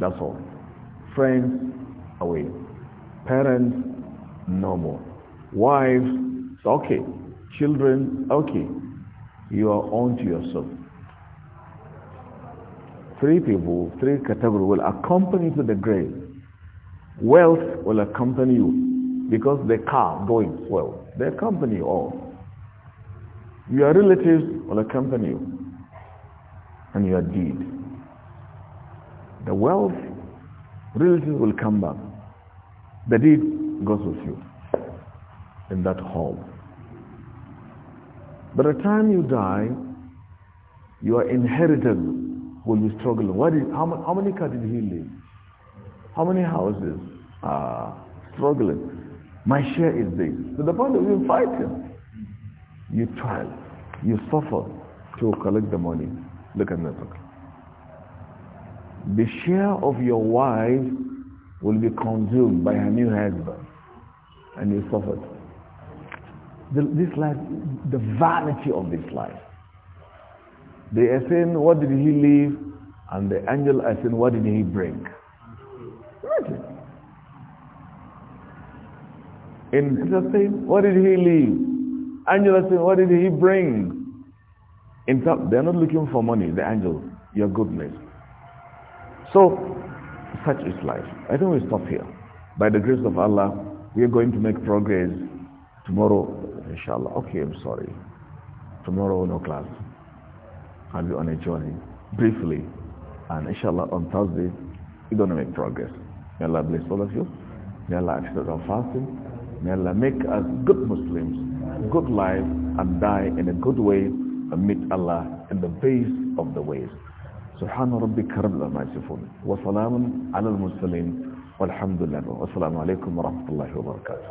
That's all. Friends, away. Parents, no more. Wives, okay. Children, okay. You are on to yourself. Three people, three categories will accompany to the grave. Wealth will accompany you because the car going well. They accompany you all. Your relatives will accompany you and your deed. The wealth, relatives will come back. The deed goes with you in that home. By the time you die, your inheritance will be struggling. What is, how, how many cars did he leave? How many houses are struggling? My share is this. To the point of you fight him. You try, you suffer to collect the money. Look at that the share of your wife will be consumed by her new husband and you suffered. The, this life, the vanity of this life. They are saying, what did he leave? And the angel is saying, what did he bring? In Peter saying, what did he leave? Angel is saying, what did he bring? In fact, they are not looking for money, the angel, your goodness. So, such is life. I think we stop here. By the grace of Allah, we are going to make progress tomorrow, inshallah. Okay, I'm sorry. Tomorrow, no class. I'll be on a journey, briefly. And inshallah, on Thursday, we're going to make progress. May Allah bless all of you. May Allah accept our fasting. May Allah make us good Muslims, good life, and die in a good way and meet Allah in the base of the ways. سبحان ربك رب ما يصفون وسلام على المرسلين والحمد لله والسلام عليكم ورحمة الله وبركاته